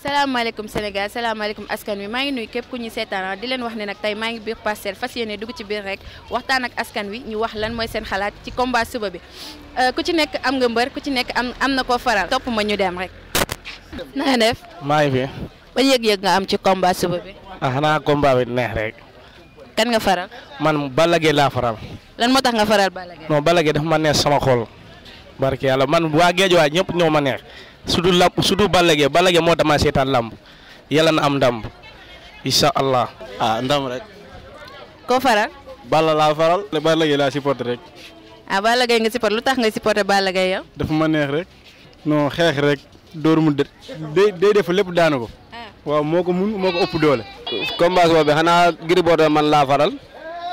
senegal salam salaamaaleykum askan wi maa ngi nuyu képp ku ñi sétana di leen wax ne nak tay maa ngi biir pastel fas yéene ci biir rek waxtaan ak askan wi ñu wax lan moy seen xalaat ci combat suba bi euh, ku ci nek am nga mbeur ku ci nek am amna ko faral top ma ñu dem rek. na nga def. maa ngi fi. ba yeg yeg nga am ci combat suba bi. ah na combat bi neex rek. kan nga faral. man balage la faral. lan motax nga faral balage non balage Gaye dafa ma neex sama xol. barke yalla man waa wa ñep ñoo ma neex sudu lamb sudu balage balage mo dama setan lamb yalla na am ndam insha allah ah ndam rek ko faral balla la faral le balage la support rek ah balage nga support lutax nga supporter balage yow ya? dafa ma neex rek no xex rek door mu de de def lepp danugo ah. wa moko mun moko upp ëpp doole combat boobu xana Gris Bordeaux man la faral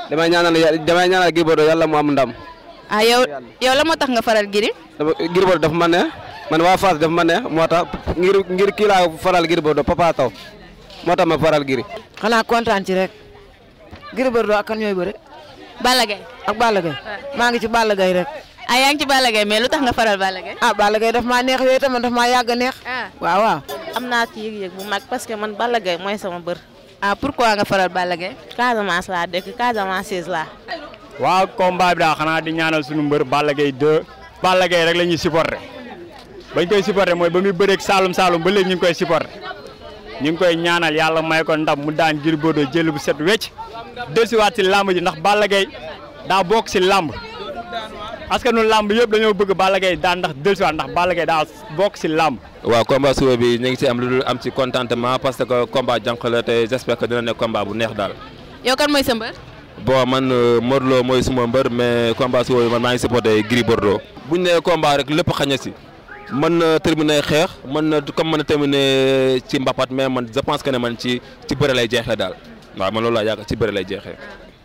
dama ñaanal ya- dama ñaanal am ndam ah yow yow la moo tax nga faral giri Gris dafa ma neex man wa faas def mané mota ngir ngir kii laa faral bo do Papa taw mota ma faral Gris. xanaa kontaan ci rek bo do ak kan ñoy bo rek Balla ak Balla ma ngi ci Balla rek. ay ah, yang ci Balla mais lutax nga faral Balla ah Balla Gaye daf maa neex yoy tam daf ma yag neex. wa ah. wa amna ci yeg yeg bu mag parce que man Balla moy sama beur ah pourquoi nga faral Balla Casamance la dekk Casamance la wa combat bi da xana di ñaanal suñu mbeur Balla 2 Balla rek lañuy supporter. bañ koy supporté mooy ba muy bëreek Saalum Saalum ba léegi ñu ngi koy supporté ñu ngi koy ñaanal yàlla may ko ndam mu daan Gris Bordeaux jël bu set wecc dellusiwaat si làmb ji ndax Balla Gaye daa bokk si làmb parce que nu làmb yëpp dañoo bëgg Balla Gaye daan ndax dellusiwaat ndax Balla Gaye daa bokk si làmb. waa combat suba bi ñu ngi si am lu dul am si contentement parce que combat jànq la te j'espère dina nekk komba bu neex daal. yow kan mooy sa mbër. bon man euh, Modou mooy suma mbër mais combat suba man maa ngi supporté Gris Bordeaux. bu ñu nee combat lépp xañ si. man terminer xex man comme man terminer ci mbapat mais man je pense que ne man ci ci beure lay jexé dal wa man loolu la yak ci beure lay jexé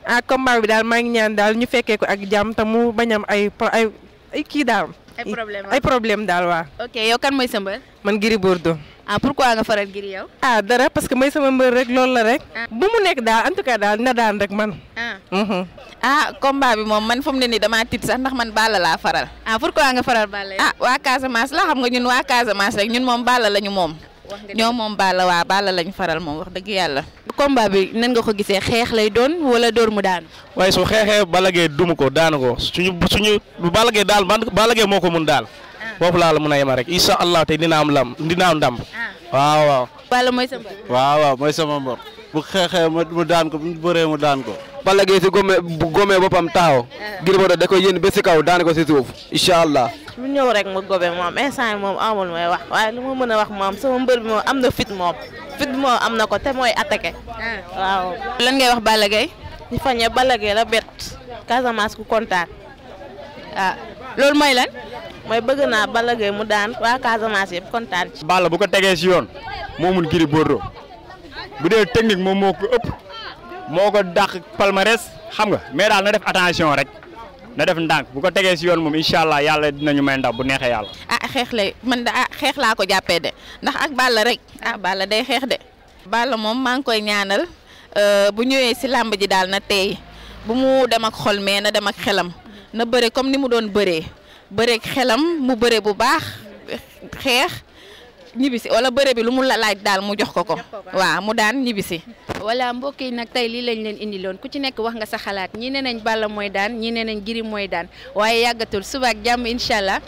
ah combat bi dal ma ngi ñaan dal ñu fekkee ko ak jam ta mu bañam ay ay ay kii daal ay problème ay problème daal wa ok yow kan mooy sa mbër. man Gris Bordeaux. ah pourquoi nga faral Gris yow. ah dara parce que mooy sama mbër rek loolu la rek. Ah. bu mu nekk daal en tout cas daal na daan rek man. Ah. Mhm. ah combat bi moom man fu mu ne nii damaa tiit sax ndax man baala laa faral. ah pourquoi nga faral Balla ah waa Casamance la xam nga ñun waa Casamance rek ñun moom Balla lañu moom. ñoo moom Balla waa Balla lañ faral moom wax dëgg yàlla. combat bi nan nga ko gisee xeex lay doon wala dóor mu daanu. waaye su xeexee Balla Gaye duma ko daanu ko suñu suñu Balla Gaye daal man Balla Gaye moo ko mun daal. Ah. foofu laa la mun a yema rek incha allah te dina am lam dina am ndam. Ah. waaw waaw. Balla mooy sa mbër. waaw waaw mooy sama mbër. bu xeexee mu daan ko bu bëree mu daan ko. Balla Gaye si gome bu gomee boppam taaw. Ah. Gris Bordeaux da koy yéen ba si kaw daan ko si suuf incha allah. lu ñëw rek ma gobe moom instant moom amul may wax waaye lu ma mën a wax moom sama mbër bi moom am na fit moom fit moom na ko te mooy attaqué. Ah. waaw. lan ngay wax Balla Gaye. ñu fañee Balla la bett Casamance ku kontaan ah loolu mooy lan. mooy bëgg naa Balla Gaye mu daan waa Casamance yëpp kontaan ci. Balla bu ko tegee si yoon moo mun Gris Bordeaux bu dee technique moom moo ko ëpp moo ko dàq palmarès xam nga mais daal na def attention rek. na def ndànk bu ko tegee si yoon moom incha allah yàlla dinañu may ndax bu neexee yàlla. ah xeex lay man de ah xeex laa ko jàppee de ndax ak Balla rek ah Balla day xeex de. Balla moom maa ngi koy ñaanal euh, bu ñëwee si làmb ji daal na tey bu mu dem ak xol mais na dem ak xelam na bëre comme ni mu doon bëree bëreeg xelam mu bëre bu baax xeex. ñibbisi wala bëre bi lu mu la laaj daal mu jox ko ko waaw mu daan ñibbisi voilà mbokk yi nag tey lii lañ leen indiloon ku ci nekk wax nga sa xalaat ñi ne nañ Balla mooy daan ñi ne nañ Gris mooy daan waaye yàggatul suba ak jàmm incha allah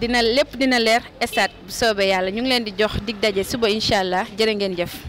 dina lépp dina leer stade bu yàlla ñu ngi leen di jox dig daje suba incha allah jërë ngeen jëf